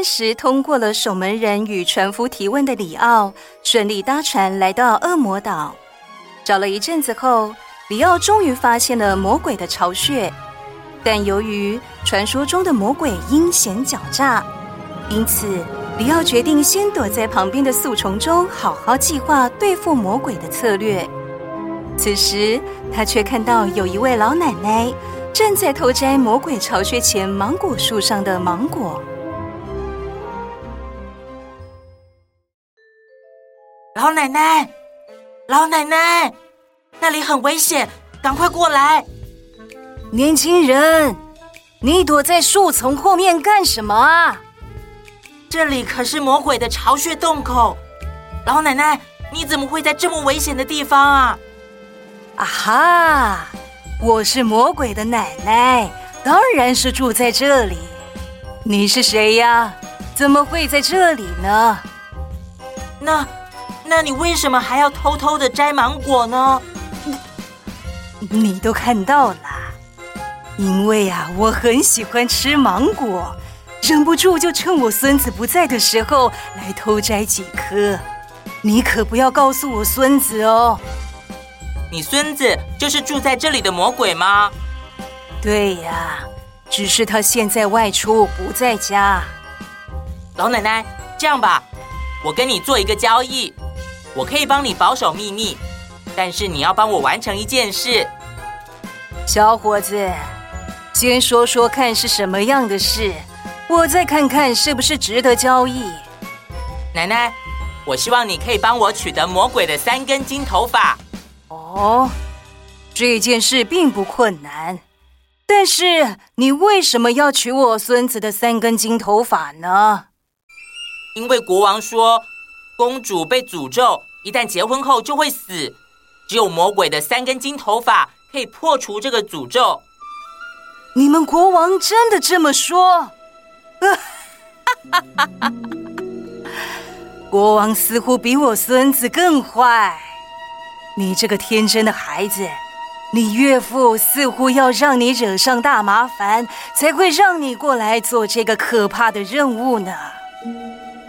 暫時通過了守門人與船夫提問的里奧，順利搭船來到惡魔島。找了一陣子後，里奧終於發現了魔鬼的巢穴。但由於傳說中的魔鬼陰險狡詐，因此里奧決定先躲在旁邊的樹叢中，好好計劃對付魔鬼的策略。此時，他卻看到有一位老奶奶正在偷摘魔鬼巢穴前芒果樹上的芒果。老奶奶，老奶奶，那裡很危險，趕快過來！年輕人，你躲在樹叢後面幹什麼啊？這裡可是魔鬼的巢穴洞口。老奶奶，你怎麼會在這麼危險的地方啊？啊哈，我是魔鬼的奶奶，當然是住在這裡。你是誰呀？怎麼會在這裡呢？那……那你為什麼還要偷偷的摘芒果呢？你你都看到了。因為啊，我很喜歡吃芒果，忍不住就趁我孫子不在的時候來偷摘幾顆。你可不要告訴我孫子哦！你孫子就是住在這裡的魔鬼嗎？對呀，只是他現在外出不在家。老奶奶，這樣吧，我跟你做一個交易。我可以幫你保守秘密，但是你要幫我完成一件事。小伙子，先說說看是什麼樣的事，我再看看是不是值得交易。奶奶，我希望你可以幫我取得魔鬼的三根金頭髮。哦，這件事並不困難，但是你為什麼要取我孫子的三根金頭髮呢？因為國王說，公主被詛咒。一旦結婚後就會死，只有魔鬼的三根金頭髮可以破除這個詛咒。你們國王真的這麼說？呃、 國王似乎比我孫子更壞。你這個天真的孩子，你岳父似乎要讓你惹上大麻煩，才會讓你過來做這個可怕的任務呢。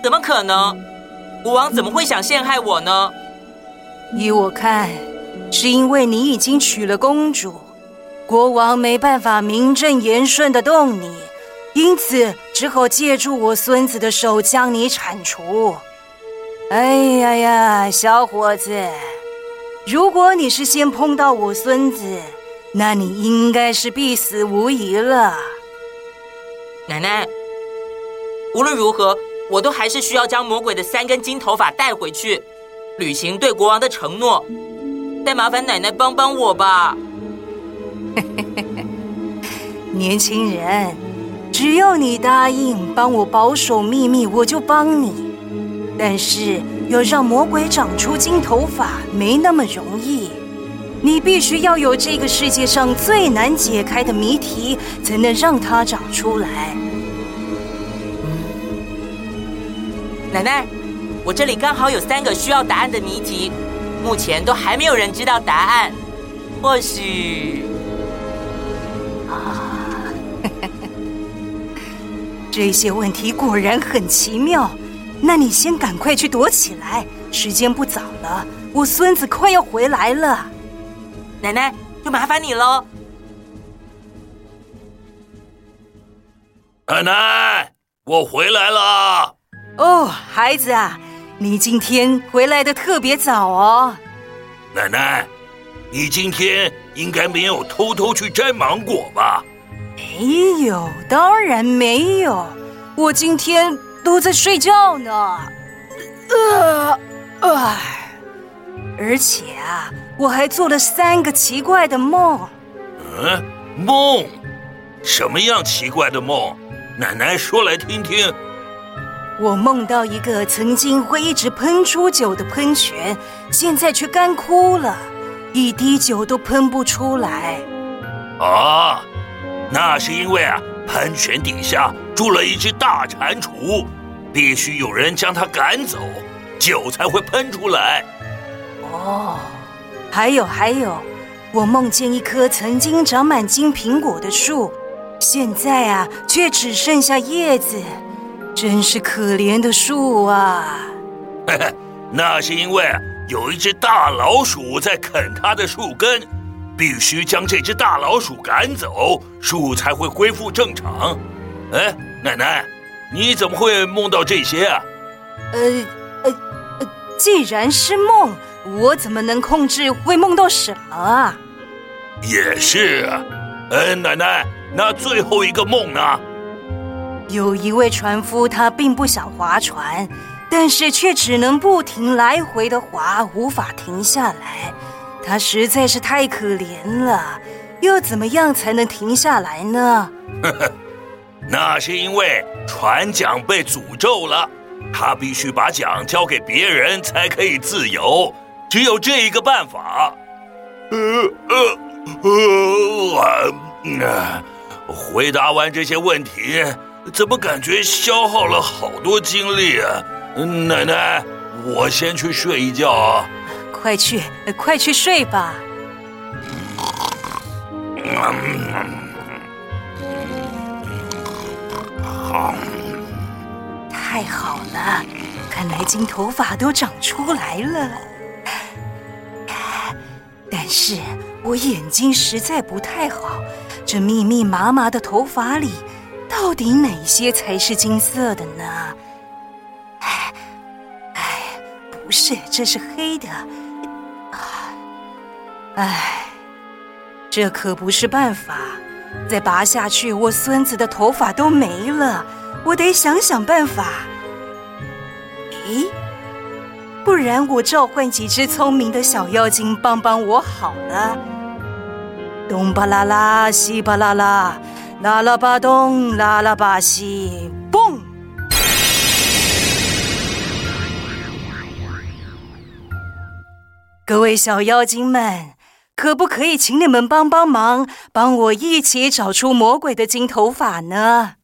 怎麼可能？國王怎麼會想陷害我呢？依我看，是因為你已經娶了公主，國王沒辦法名正言順的動你，因此只好借助我孫子的手將你鏟除。哎呀呀，小伙子，如果你是先碰到我孫子，那你應該是必死無疑了。奶奶，無論如何。我都還是需要將魔鬼的三根金頭髮帶回去，履行對國王的承諾。但麻煩奶奶幫幫我吧。 年輕人，只要你答應幫我保守秘密，我就幫你。但是要讓魔鬼長出金頭髮沒那麼容易，你必須要有這個世界上最難解開的謎題，才能讓它長出來。奶奶，我這裡剛好有三個需要答案的謎題，目前都還沒有人知道答案，或許……啊，呵呵，這些問題果然很奇妙。那你先趕快去躲起來，時間不早了，我孫子快要回來了。奶奶，就麻煩你嘍。奶奶，我回來了。哦，孩子啊，你今天回來的特別早哦。奶奶，你今天應該沒有偷偷去摘芒果吧？沒有，當然沒有。我今天都在睡覺呢。呃，哎，而且啊，我還做了三個奇怪的夢。嗯，夢，什麼樣奇怪的夢？奶奶說來聽聽。我夢到一個曾經會一直噴出酒的噴泉，現在卻乾枯了，一滴酒都噴不出來。啊，那是因為啊，噴泉底下住了一隻大蟾蜍，必須有人將它趕走，酒才會噴出來。哦，還有還有，我夢見一棵曾經長滿金蘋果的樹，現在啊，卻只剩下葉子。真是可憐的樹啊！ 那是因為有一只大老鼠在啃它的樹根，必須將這只大老鼠趕走，樹才會恢復正常。哎，奶奶，你怎麼會夢到這些啊？呃呃呃，既然是夢，我怎麼能控制會夢到什麼啊？也是啊，嗯，奶奶，那最後一個夢呢？有一位船夫，他並不想划船，但是卻只能不停來回的划，無法停下來。他實在是太可憐了，要怎麼樣才能停下來呢？呵呵，那是因為船槳被詛咒了，他必須把槳交給別人才可以自由，只有這一個辦法。呃呃呃，那回答完這些問題。怎麼感覺消耗了好多精力啊？奶奶，我先去睡一覺啊！快去，快去睡吧。好，太好了，看來金頭髮都長出來了。但是我眼睛實在不太好，這密密麻麻的頭髮裡。到底哪些才是金色的呢？哎哎，不是，這是黑的。啊，哎，這可不是辦法。再拔下去，我孫子的頭髮都沒了。我得想想辦法。哎，不然我召喚幾隻聰明的小妖精幫幫我好了。東巴拉拉，西巴拉拉。啦啦吧東，啦啦吧西，蹦！各位小妖精們，可不可以請你們幫幫忙，幫我一起找出魔鬼的金頭髮呢？